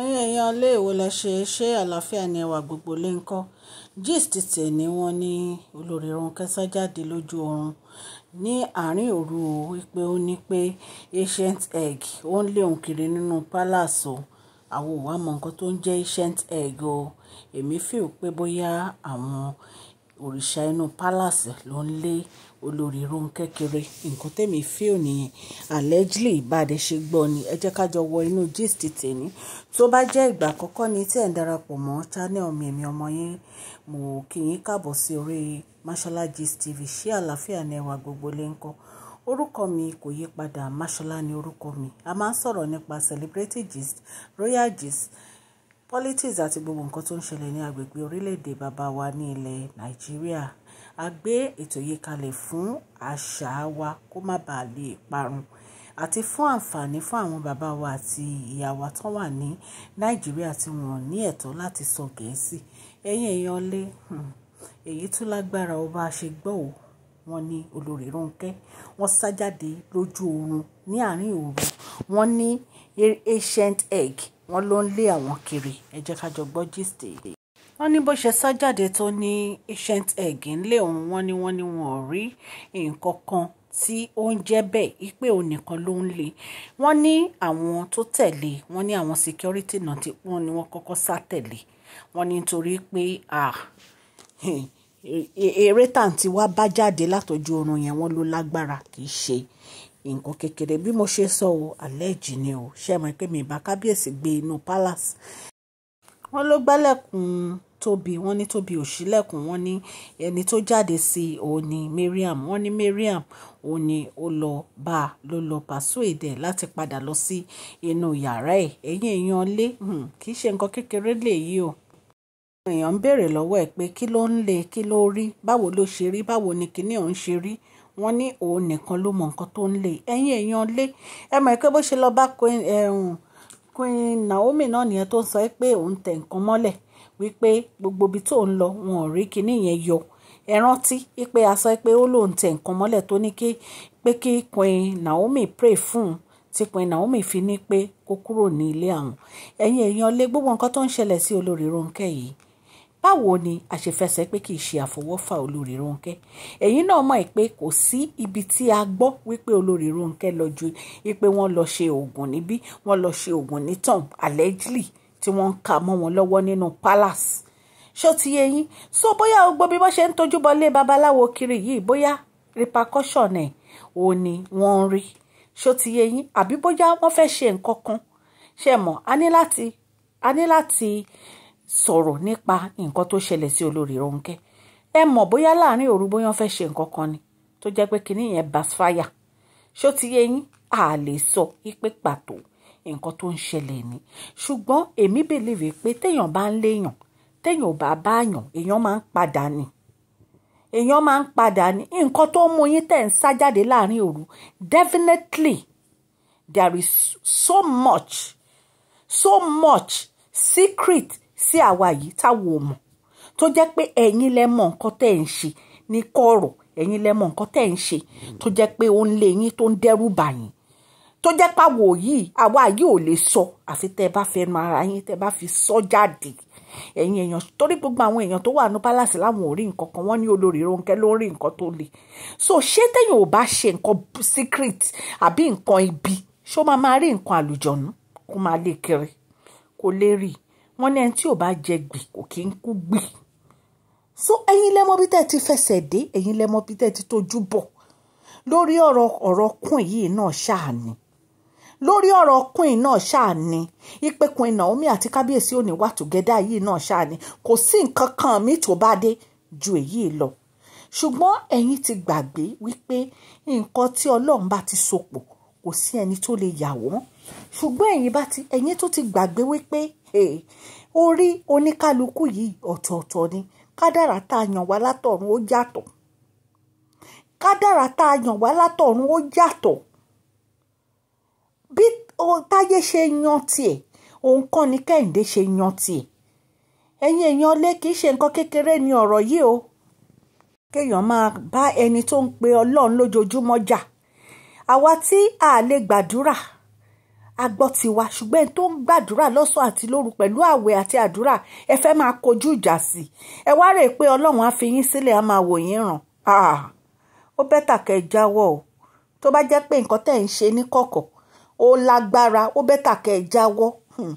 ẹ̀yin èèyàn ilé èwo lẹ ṣe ṣé àlàáfíà ni ẹwà gbogbo lè ń kọ́ gist tẹ̀ ni wọ́n ní olórí Ronke sọ lójú oorun ní àárín òru o wípé ó ní pé ancient egg ó ń lé òun kiri nínú palace o àwọn ò mọ nǹkan tó ń jẹ́ ancient egg o èmi feel pé bóyá àwọn òrìṣà inú palace ló ń lé olórí Rónkẹ́ kiri nǹkan tẹ̀mí fíò nìyẹn allegedly ìbàdẹ ṣe gbọ́ ni ẹ jẹ́ ká jọ wọ inú gist tèmi tó bá jẹ́ ìgbà àkọ́kọ́ ni tí ẹ̀ ń darapọ̀ mọ́ channel mi èmi ọmọ yín mo kí yín káàbọ̀ sí orí Mashola Gist TV ṣé àlàáfíà ni ẹwà gbogbo lè ń kọ́ orúkọ mi kò yí padà Mashola ni orúkọ mi a máa ń sọ̀rọ̀ nípa celebrity gist royal gist politics àti gbogbo nǹkan tó ń ṣẹlẹ̀ ní agbègbè orílẹ̀-èdè bàbá wa ní ilẹ̀ nàìjíríà a gbé ètò yìí kalẹ̀ fún àṣà wa kó má bàa lè parun àti fún àǹfààní fún àwọn bàbá wa àti ìyá wa tán wà ní nàìjíríà tí wọn ní ẹ̀tọ́ láti sọ gẹ̀ẹ́sì ẹ̀yin èèyàn lé hmm, èyí tún lágbára ó bá a ṣe gbọ́ ò wọ́n ni olórí Rónkẹ́ wọ́n sá jáde lójú oorun ní àárín òru wọ́n ní ancient egg wọ́n ló ń lé àwọn kiri ẹ jẹ́ ká jọ gbọ́ gist èyí. wọ́n ní bó ṣe sá jáde tó ní ancient egg ńlé òun wọ́n ní wọ́n ní wọn ò rí nǹkan kan tí ó ń jẹ́ bẹ́ẹ̀ ipe òun nìkan ló ń le wọ́n ní àwọn tó tẹ̀lé wọ́n ní àwọn security náà tí wọ́n ní wọ́n kọ́kọ́ sá tẹ̀lé wọ́n ní nítorí pé eré tàǹtí wá bá jáde látọjú oorun yẹn wọ́n ló lágbára kì í ṣe nǹkan kékeré bí mo ṣe sọ o àlẹ́jì ni o ṣe mọ̀ pé mi ìbá kábíyèsí gbé inú palace wọ́n ló gbálẹ̀kùn tóbi wọ́n ní tóbi ò wọ́n ní ẹni tó jáde sí òun ni Mariam wọ́n ní Mariam òun ni ó lọ bá a ló lọ persuade ẹ̀ láti padà lọ sí inú yàrá ẹ̀ ẹ̀yìn èèyàn lé hmm, kì í ṣe nǹkan kékeré lèyí o èèyàn ń béèrè lọ́wọ́ ẹ̀ pé kí ló ń le kí ló rí báwo ló ṣe rí báwo ni kinní òun ṣe rí wọ́n ní òun nìkan ló mọ nǹkan tó ń lè ẹ̀yin èèyàn lé ẹ mọ̀ pé bó ṣe lọ bá Queen Naomi náà nìyẹn tó ń sọ pé òun tẹ̀ nǹkan mọ́lẹ̀ wípé gbogbo ibi tó ń lọ wọn ò rí kinní yẹn yọ ẹ rántí pé a sọ pé ó lóun tẹ̀ nǹkan mọ́lẹ̀ tó ní kí pé kí Queen Naomi pray fún un tí Queen Naomi fi ní pé kó kúrò ní ilé àwọn ẹ̀yin èèyàn lé gbogbo nǹkan tó ń ṣẹlẹ̀ sí olórí Rónkẹ́ yìí báwo ni àṣefẹsẹ̀ pé kì í ṣe àfọwọ́fà olórí Rónkẹ́ ẹ̀yin náà mọ̀ pé kò sí ibi tí a gbọ́ wípé olórí Rónkẹ́ lọ ju wípé wọ́n lọ ṣe oògùn níbí wọ́n lọ ṣe oògùn nítàn allegedly tí wọ́n ń kà mọ́ wọn lọ́wọ́ nínú palace ṣó ti yé yín so bóyá gbogbo bí wọ́n ṣe ń tójú bọlé babaláwo kiri yìí bóyá repercussion ẹ̀ ò ní wọ́n ń rí ṣó ti yé yín àbí bóyá wọ́n fẹ́ ṣe nǹkan kan ṣe mọ̀ a ní láti a ní láti sọ̀rọ̀ nípa nǹkan tó ṣẹlẹ̀ sí olórí Rónkẹ́ ẹ mọ̀ bóyá láàrin òru bóyá fẹ́ ṣe nǹkan kan ni tó jẹ́ pé kinní yẹn basfire ṣó ti yé yín a lè sọ pé pàtó nǹkan tó ń ṣẹlẹ̀ ni ṣùgbọ́n èmi bèlèwè pé téèyàn bá ń léèyàn téèyàn ò bá báàyàn èèyàn máa ń padà ni èèyàn máa ń padà ní nǹkan tó mú yín tẹ̀ ń sá jáde láàrin òru definitely there is so much so much secret sí àwa yìí táwọn ò mọ̀ tó jẹ́ pé ẹ̀yin lẹ mọ̀ nǹkan tẹ́ ń ṣe ní kọ̀rọ̀ ẹ̀yin lẹ mọ̀ nǹkan tẹ́ ń ṣe tó jẹ́ pé ó ń lé yín tó ń dẹ́rù bà yín tó jẹ́ pàwọ̀ yìí àwa yìí ò lè sọ àfi tẹ́ ẹ bá fẹ́ nu ara yín tẹ́ ẹ bá fi sọ jáde ẹ̀yin èèyàn torí gbogbo àwọn èèyàn tó wà ní palace láwọn ò rí nǹkan kan wọ́n ní olórí Rónkẹ́ ló ń rí nǹkan tó le so ṣé téèyàn ò bá ṣe nǹkan secret àbí nǹkan ibi ṣó máa máa rí nǹkan àlùjọ̀nù kó máa lè kiri kó lè rí i wọ́n ní ẹni tí ò bá jẹ gbì kò kí ń kú gbì so ẹ̀yin lẹ́mọ́ bí tẹ́ ti fẹsẹ̀ dé ẹ̀yin lẹ́mọ́ bí tẹ́ ti tójú bọ̀ lórí ọ̀rọ̀ ọ̀rọ̀ kùn yìí náà ṣáà ni lórí ọ̀rọ̀ queen náà ṣáà ni ipe queen Naomi àti kábíyèsí òní wà tùgẹ́dà yìí náà ṣáà ni kò sí nǹkan kan mi tó bá dé ju èyí lọ ṣùgbọ́n ẹ̀yin ti gbàgbé wípé nǹkan tí ọlọ́run bá ti sopọ̀ kò sí ẹni tó lè yà wọ́n ṣùgbọ́n ẹ̀yin tó ti gbàgbé wípé orí oníkálukú yìí ọ̀tọ̀ọ̀tọ̀ ni kádàrá tá a yàn wá látọ̀run ó yàtọ̀ kádàrá tá a yàn wá látọ̀run ó yàtọ̀ bí táyé ṣe yan tiẹ̀ òun kọ́ ni kẹ́hìndé ṣe yan tiẹ̀ ẹ̀yin èèyàn lé kìí ṣe nǹkan kékeré ni ọ̀rọ̀ yìí o kéèyàn máa bá ẹni tó ń pe ọlọ́run lójoojúmọ́ jà àwa tí a lè gbàdúrà a gbọ́ tiwa ṣùgbọ́n ẹni tó ń gbàdúrà lọ́sàn àti lóru pẹ̀lú àwẹ̀ àti àdúrà ẹ fẹ́ máa kojú ìjà sí ẹ wá rè pé ọlọ́run á fi yín sílẹ̀ á máa wò yín ràn ah, ó bẹ́tà kẹ́ ẹ jáwọ́ o tó bá jẹ́ pé nǹkan tẹ̀ ń ṣe ní kọ̀kọ̀ ó lágbára ó bẹ́tà kẹ́ ẹ jáwọ́ hmm.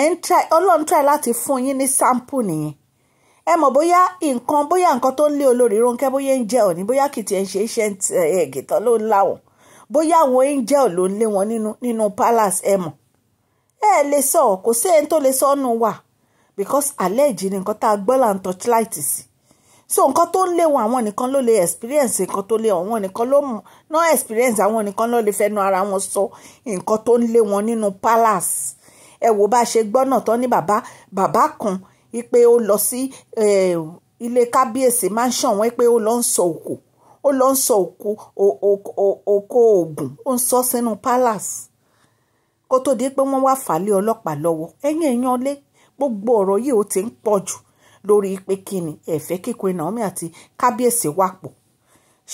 ẹ̀ ń try ọlọ́run try láti fún yín ní sample nìyẹn ẹ mọ̀ bóyá nǹkan bóyá nǹkan tó ń lé olórí Rónkẹ́ bóyá ń jẹ́ òní bóyá kìtì ẹ̀ ń ṣe iṣẹ́ ẹ̀gìtàn ló ń láwọn bóyá àwọn angel ló ń lé wọn nínú nínú palace ẹ mọ̀ ẹ lè sọ kò sí ẹni tó lè sọ ọ́nù wà because àlẹ́jì ni nǹkan tá a gbọ́ là ń torchlight sí so nǹkan tó ń lé wọn àwọn nìkan ló lè experience nǹkan tó lé àwọn nìkan ló mọ̀ náà experience àwọn nìkan ló lè fẹnu ara wọn sọ nǹkan tó ń lé wọn nínú palace ẹ wò bá a ṣe gbọ́ náà tán ní bàbá bàbá kan ipe ó lọ sí eh, ilé kábíyèsí mansion wọn pé ó lọ ń sọ òkò ó lọ ń sọ òkú òkó oògùn ó ń sọ sínú palace kó tó di pé wọ́n wá fàálẹ̀ ọlọ́pàá lọ́wọ́ ẹ̀yìn ẹ̀yàn lé gbogbo ọ̀rọ̀ yìí ó ti ń pọ̀ jù lórí pé kí ni ẹ̀fẹ́ kíkọ Naomi àti kábíyèsí wà pọ̀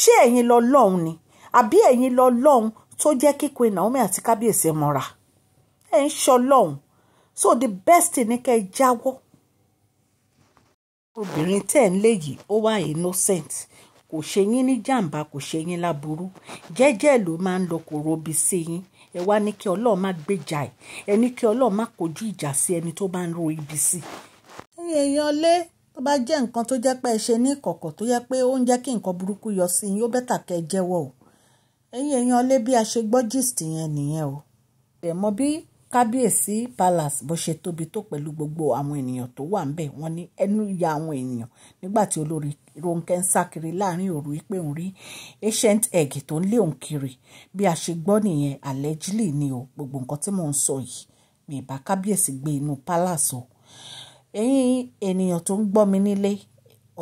ṣé ẹ̀yin lọ lọ́hùn ni àbí ẹ̀yin lọ lọ́hùn tó jẹ́ kíkọ Naomi àti kábíyèsí mọ́ra ẹ̀ ń sọ lọ́hùn so the best ni kẹ́ ẹ jáwọ́ obìnrin tẹ́ ń lé yìí ó wà innocent kò ṣe yín ní jàǹbá kò ṣe yín láburú jẹ́jẹ́ ló máa ń lọ kò robi sí yín ẹ wá ní kí ọlọ́run má gbèjà ẹ̀ ẹ ní kí ọlọ́run má kojú ìjà sí ẹni tó bá ń ro ibi sí. ẹ̀yin èèyàn lé tó bá jẹ́ nǹkan tó jẹ́ pé ẹ ṣe ní ìkọ̀kọ̀ tó yẹ pé ó ń jẹ́ kí nǹkan burúkú yọ sí yín ó bẹ́tà kẹ́ ẹ jẹ́wọ́ o èèyàn lé bí a ṣe gbọ́ gist yẹn nìyẹn o ẹ mọ̀ bí kábíyèsí palace bó ṣe tóbi tó pẹ̀lú gbogbo àwọn ènìyàn tó wà ńbẹ̀ wọ́n ní ẹnu ya àwọn ènìyàn nígbà tí olórí Rónkẹ́ ń sá kiri láàrin òru pé òun rí ancient egg tó ń lé òun kiri bí a ṣe gbọ́ nìyẹn allegedly ni o gbogbo nǹkan tí mò ń sọ yìí mi ìbá kábíyèsí gbé inú palace o ẹ̀yin ènìyàn tó ń gbọ́ mi nílé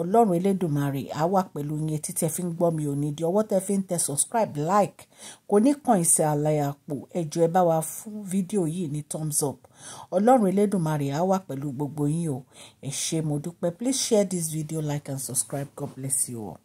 ọlọ́run elédùnmarè á wà pẹ̀lú yín etí tẹ́ fi ń gbọ́ mi ò ní di ọwọ́ tẹ́ fi ń tẹ subscribe like kò ní kàn ìsẹ̀ àlàyé ẹjọ́ ẹ bá wa fún fídíò yìí ní thumbs up ọlọ́run elédùnmarè á wà pẹ̀lú gbogbo yín o ẹ ṣé mo dúpẹ́ please share this video like and subscribe god bless you all.